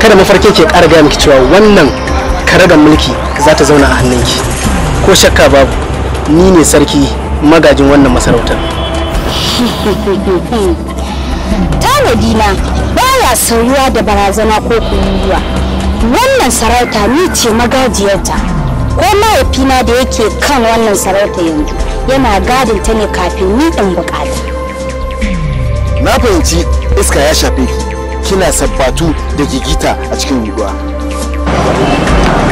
kada mafarki ke ƙara gaya miki cewa wannan karagar mulki za ta zauna a hannunki ko shakka babu ni ne sarki magajin wannan masarautar tanadi na baya sauruwa da barazana ko kururuwa wannan sarauta ni ce magajiyarta ko mahaifina da yake kan wannan sarauta yanzu yana gadin ta ne kafin ni in bukata na fahimci iska ya shafe ki kina sabbatu da gigita a cikin guguwa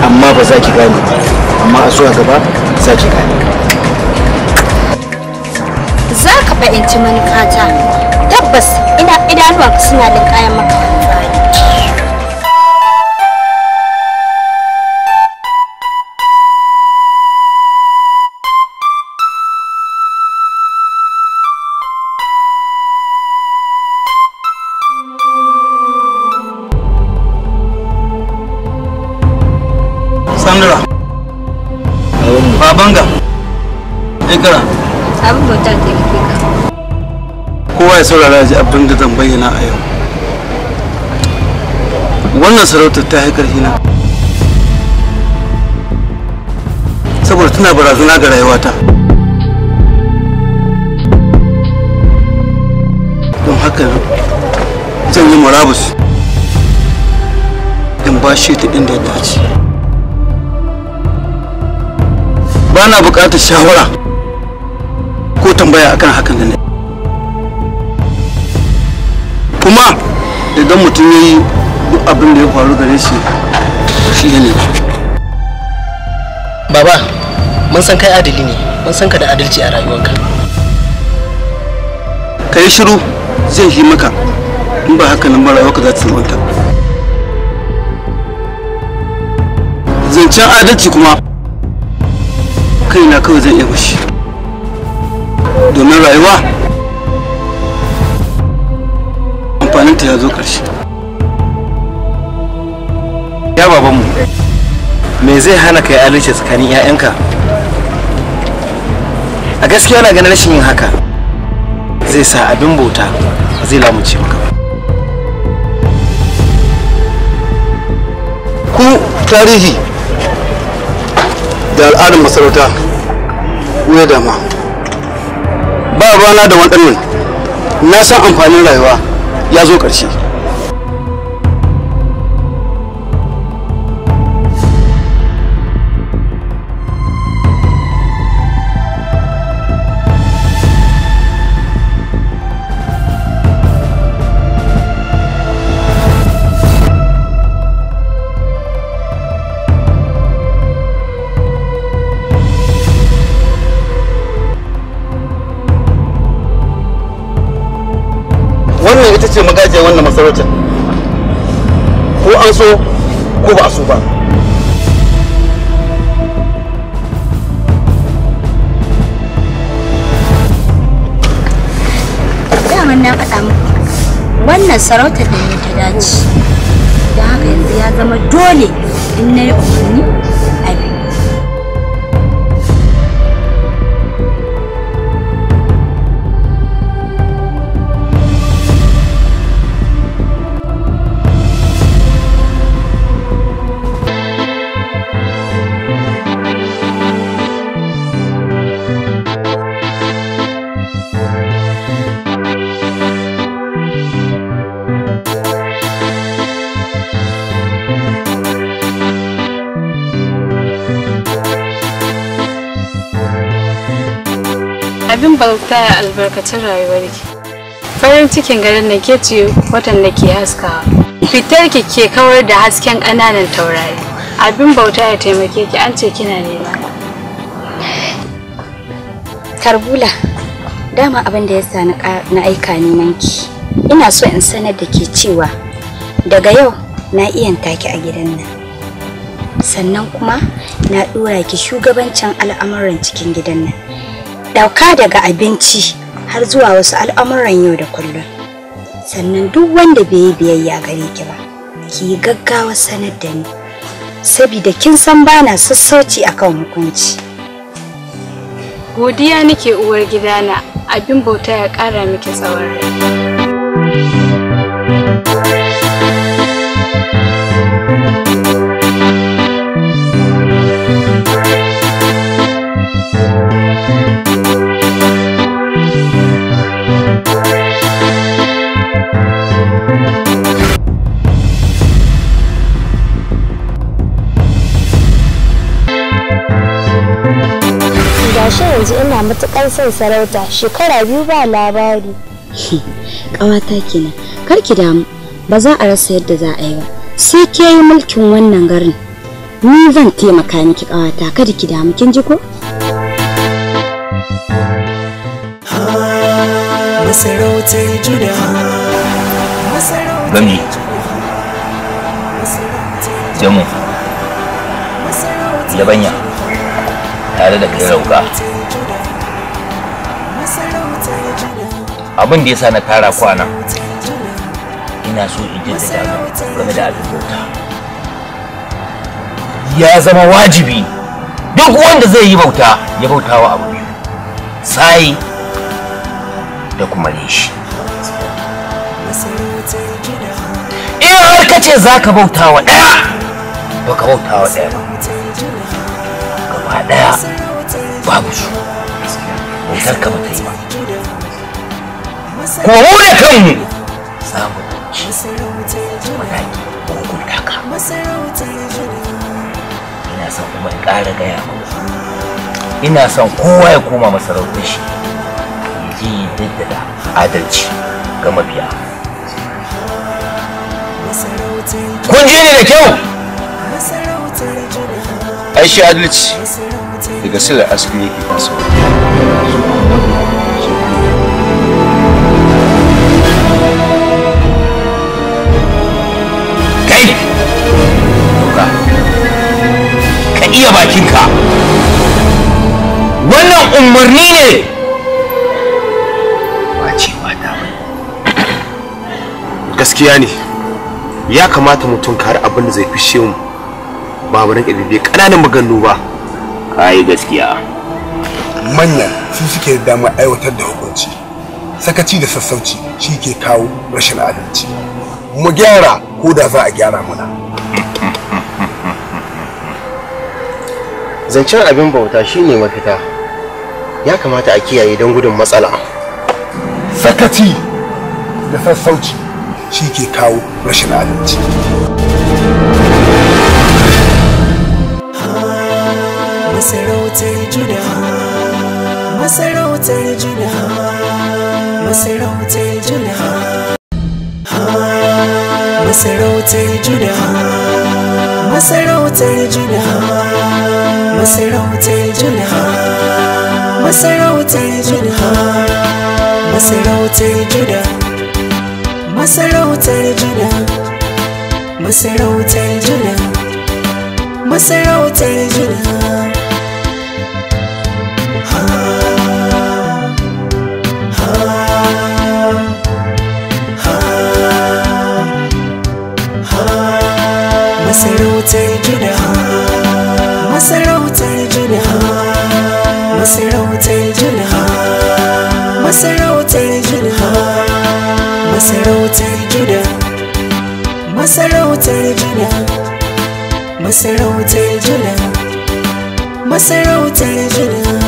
amma ba za ki gane amma a zuwa gaba za ki gane za ka fahimci manufata tabbas idanuwa suna da kayan maka ya saurara ji abin da zan bayyana a yau wannan sarautar ta haikar hina saboda tana barazana ga rayuwata don haka zan yi murabus in shi ta inda ya dace ba na bukatar shawara ko tambaya akan hakan da na kuma idan mutum ya yi duk abin da ya faru gare shi shi ne baba mun san kai adali ne mun san ka da adalci a rayuwarka ka yi shiru zai yi maka in ba haka nan ba rayuwarka za ta salwanta zancen adalci kuma kai na kawai zai iya bashi domin rayuwa amfaninta ya zo ƙarshe ya babanmu me zai hana kai adalci tsakanin 'ya'yanka a gaskiya na ganin rashin yin haka zai sa abin bauta zai lamuce maka ku tarihi da al'adun masarauta wuya dama ba rana da waɗannan na san amfanin rayuwa ya zo ƙarshe wannan ita ce magajiyar wannan masarautar ko an so ko ba a so ba daman na faɗa muku wannan sarautar da ne ta dace da haka yanzu ya zama dole in na yi umarni bauta albarkacin rayuwarki farin cikin garin na ke ciyo watan da ke haskawa fitar ki ke kawar da hasken ƙananan taurari abin bauta ya taimake ki an ce kina nema karbula dama abin da ya sa na aika neman ki ina so in sanar da ke cewa daga yau na iya taki a gidan nan sannan kuma na ɗora ki shugabancin al'amuran cikin gidan nan dauka daga abinci har zuwa wasu al'amuran yau da kullum sannan duk wanda bai yi biyayya gare ki ba ki yi gaggawa sanar da ni saboda kin san bana sassauci akan hukunci godiya nake uwar gidana abin bauta ya kara miki tsawon rai matukar son sarauta shekara biyu ba labari. Ƙawata kenan, kar ki damu, ba za a rasa yadda za a yi ba. Sai ke yi mulkin wannan garin. Ni zan taimaka miki ƙawata, kada ki damu, kin ji ko? Gami. Jamu. yabanya, Tare da kai rauka. abin da yasa na tara ku nan ina so in jaddada game da abin bauta ya zama wajibi duk wanda zai yi bauta ya bauta wa abu biyu sai da kuma reshi in har ka ce za ka bauta wa ɗaya ba ka bauta wa ɗaya ba gaba ɗaya babu su bautar ka ba ta yi ba kuma mu da kanmu za mu ɗauki mataki ko ina son kuma in ƙara gaya muku ina son kowa ya koma masarautar shi ji da adalci ga mabiya kun ji ni da kyau ai shi adalci daga silar asibi yake kasuwa umarni ne ba cewa gaskiya ne ya kamata mutum kare abin da zai fishe mu ba wurin ƙirɓe ƙananan maganu ba kai gaskiya manyan su suke da damar aiwatar da hukunci sakaci da sassauci shi ke kawo rashin adalci mu gyara ko da za a gyara muna zancen abin bauta shine mafita ya kamata a kiyaye don gudun matsala sakaci da sassauci shi ke kawo rashin adalci masarautar juda masarautar juda masarautar juda masarautar juda masarautar juda masarautar juda masarautar juda masarautar juda masarautar masarautar Masarautar Masarautar Masarautar Masaro tell Jenna Masaro tell Jenna Masaro tell Jenna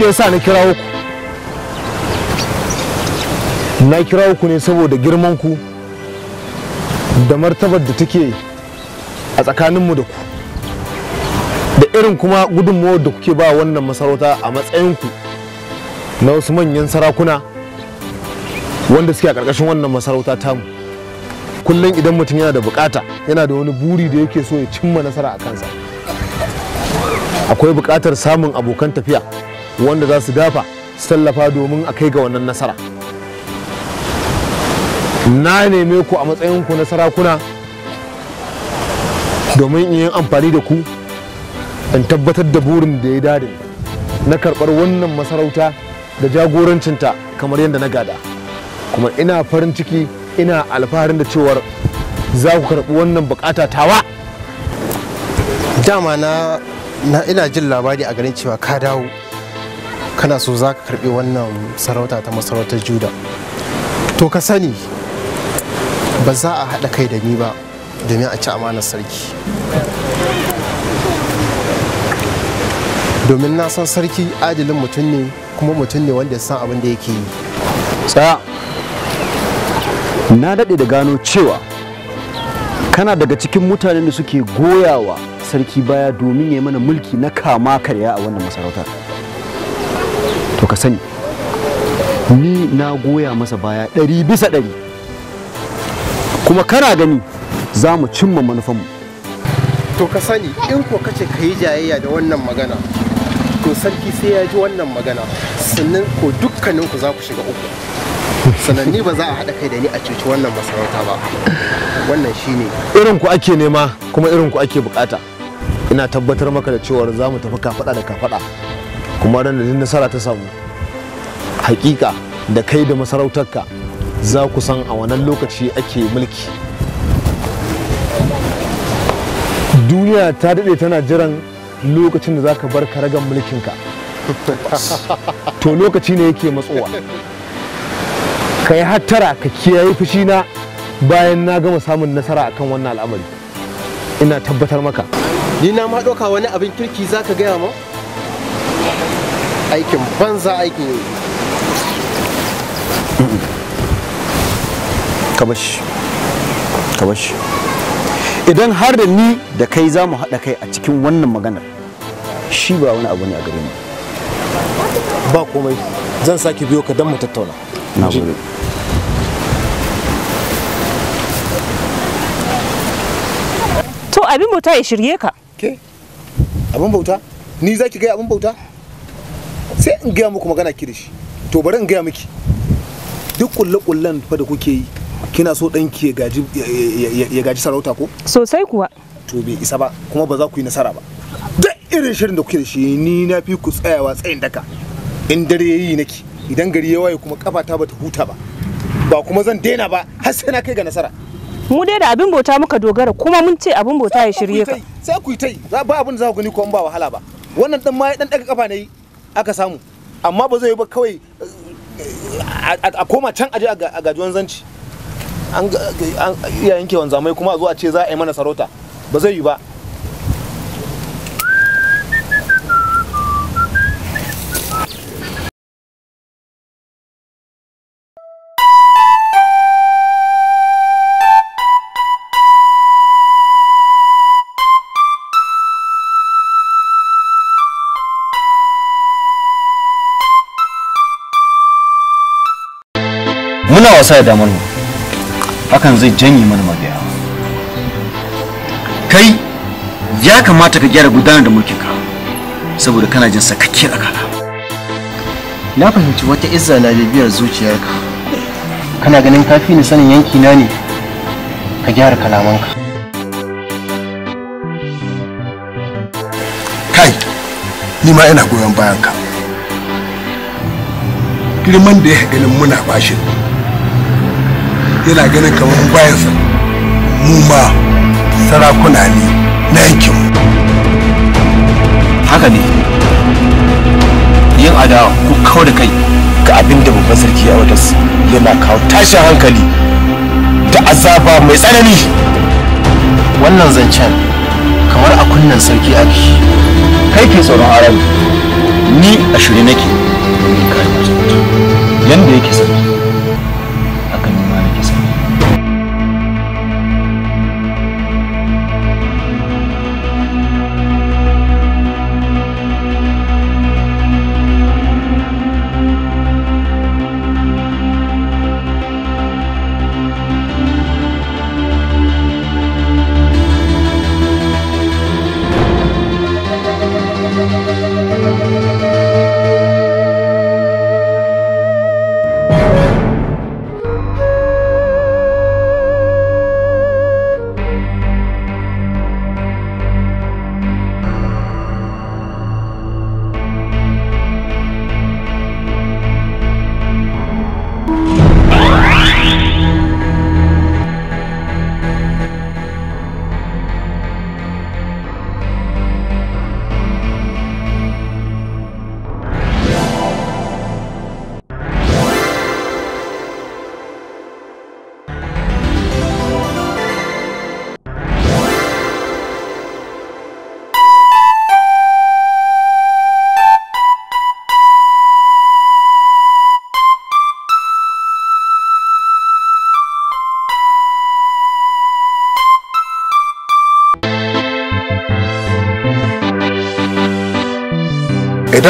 da ya sa na kira ku na kira ku ne saboda girman ku da martabar da take a tsakaninmu da ku da irin kuma gudunmawar da kuke ba wannan masarauta a matsayinku na wasu manyan sarakuna wanda suke a ƙarƙashin wannan masarauta tamu kullum idan mutum yana da bukata yana da wani buri da yake so ya cimma nasara a kansa akwai bukatar samun abokan tafiya wanda za su dafa su tallafa domin a kai ga wannan nasara na neme ku a matsayinku na sarakuna domin yin amfani da ku in tabbatar da burin da ya dade na karɓar wannan masarauta da jagorancinta kamar yadda na gada kuma ina farin ciki ina alfaharin da cewar za ku karɓi wannan bukata tawa dama na ina jin labari a ganin cewa ka dawo kana so za ka karbi wannan sarauta ta masarautar juda to ka sani ba za a haɗa kai da ni ba domin a ci amanar sarki domin na san sarki adilin mutum ne kuma mutum ne wanda ya san abin da yake yi tsaya na daɗe da gano cewa kana daga cikin mutanen da suke goyawa sarki baya domin ya yi mana mulki na kama karya a wannan masarautar to ka sani ni na goya masa baya ɗari bisa ɗari kuma kana gani za mu cimma manufanmu to ka sani in ko kace ka yi jayayya da wannan magana to sarki sai ya ji wannan magana sannan ko dukkaninku za ku shiga uku sannan ni ba za a haɗa kai da ni a cuci wannan masarauta ba wannan shine irin ku ake nema kuma irin ku ake bukata ina tabbatar maka da cewa za mu tafi kafaɗa da kafaɗa kuma ran da nasara ta samu hakika da kai da masarautarka za ku san a wannan lokaci ake mulki duniya ta daɗe tana jiran lokacin da za ka bar karagan mulkinka to lokaci ne yake matsowa ka yi hattara ka kiyaye na bayan na gama samun nasara akan wannan al'amari ina tabbatar maka ni na ma ɗauka wani abin kirki za ka gaya ma aikin banza aikin yi kabash idan har da ni da kai za mu haɗa kai a cikin wannan maganar shi ba wani abu ne a gare mu ba komai zan sake biyo ka don mu tattauna na to abin bauta ya shirye ka ke abin bauta ni za ki gaya abin bauta sai in gaya muku magana ki da shi to bari in gaya miki duk kulle-kullen fa da kuke yi kina so ɗanki ya gaji ya gaji sarauta ko sosai kuwa to bai isa ba kuma ba za ku yi nasara ba duk irin shirin da kuke da shi ni na fi ku tsayawa tsayin daka in dare yayi nake idan gari ya waye kuma kafata bata huta ba ba kuma zan daina ba har sai na kai ga nasara mu dai da abin bauta muka dogara kuma mun ce abin bauta ya shirye ka sai ku yi tai ba abin da za ku gani ko ba wahala ba wannan dan ma ya dan daga kafa ne aka samu amma ba zai yi ba kawai eh, a koma can aje a gajuwan zanci an iyayen zamai kuma a zo a ce za a yi mana sarauta ba zai yi ba muna wasa da damar mu hakan zai janye mana mabiya kai ya kamata ka gyara gudanar da mulkin ka saboda kana jin sakakkiyar kana na fahimci wata izza lalibiyar zuciyarka kana ganin kafi ni sanin yanki na ne ka gyara kalamanka kai ni ma ina goyon bayanka girman da ya ganin muna bashin yana ganin kamar bayansa mu ma sarakuna ne na mu. haka ne yin adawa ko kawo da kai ga abin da babban sarki ya wadas yana kawo tashin hankali da azaba mai tsanani wannan zancen kamar a kunnen sarki ake. kai ke tsoron arabi ni a shirye nake domin kare mutum yadda yake sarki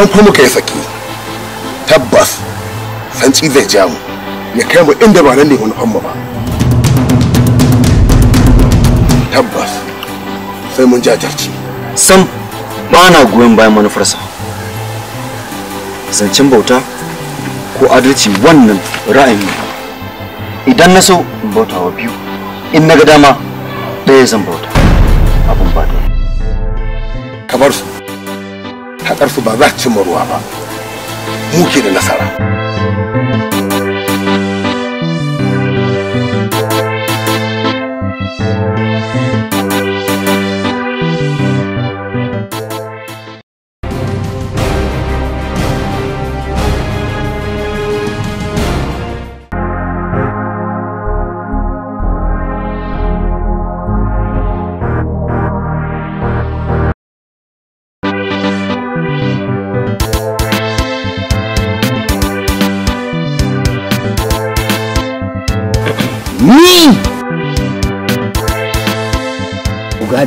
idan kuma yi saki tabbas sanci zai ja mu ya kai mu inda ba nan ne wani mu ba tabbas sai mun jajirce sam ba na goyon bayan manufarsa zancen bauta ko adalci wannan ra'ayi idan na so bauta wa biyu in na ga dama ɗaya zan bauta abun ba kamar su haƙarsu ba za ta cimma ruwa ba muke da nasara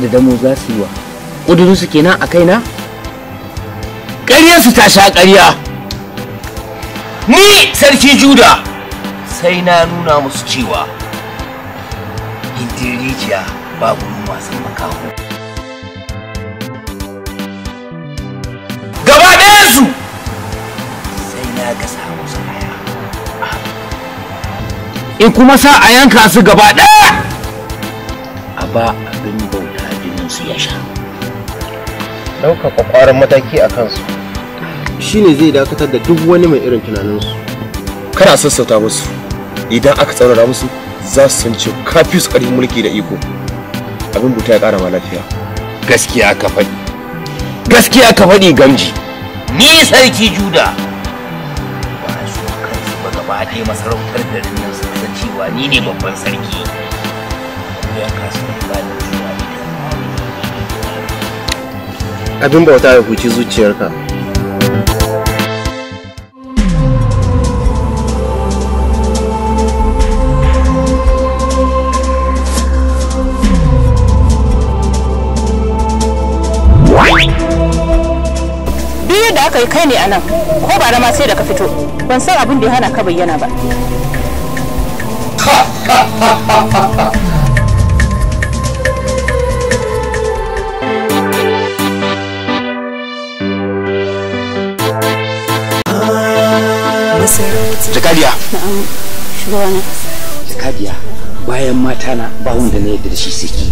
zuƙa da damo za su yi wa ƙudurin su kenan a kaina na? su ta sha ƙarya ni sarki juda sai na nuna musu cewa gindin rijiya babu wasan makaho gaba ɗayansu sai na gasa musu aya in kuma sa a yanka su gaba ɗaya ba su ya sha kwakwaran mataki a kansu shine zai dakatar da duk wani mai irin tunaninsu kana sassauta musu idan aka tsaurara musu za su san cewa kafi su ƙarfin mulki da iko abin buta ya ƙara ma lafiya gaskiya ka faɗi gaskiya ka faɗi gamji ni sarki juda ba su kansu ba gaba ɗaya masarautar garin nan sun cewa ni ne babban sarki ya kasu ba abin bauta ya huci zuciyarka biyu da aka yi kai ne anan, ko ba da ma sai da ka fito ban san abin da ya hana ka bayyana ba Jakadiya. Jakadiya bayan mata na ba wanda na yadda da shi siki.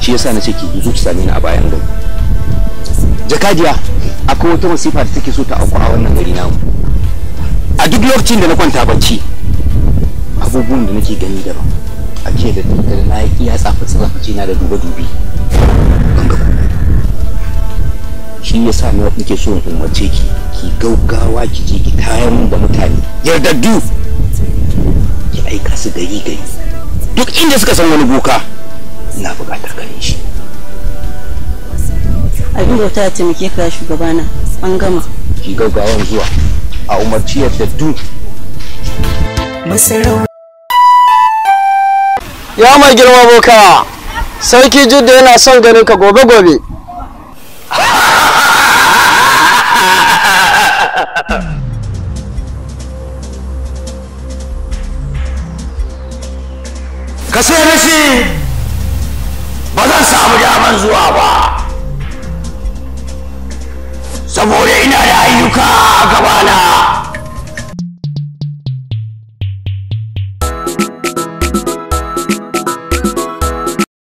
Shi yasa na ce ki zo ki same ni a bayan gari. Jakadiya akwai wata wasifa da take so ta auku a wannan gari namu. A duk lokacin da na kwanta bacci abubuwan da nake gani daban. A ce da daddare na yi iya tsafa tsafaci na da duba dubi. Ban ga shi yasa nake so in umarce ki ki gaugawa ki je ki kayan mun da mutane yardaddu ki aika su gari gari duk inda suka san wani boka ina bukatar ganin shi abin da ta taimake ka shugabana an gama ki gaugawan zuwa a umarci yardaddu ya mai girma boka sarki jidda yana son ganin ka gobe gobe ka ce mishi ba zan samu daman zuwa ba saboda ina da ayyuka a gabana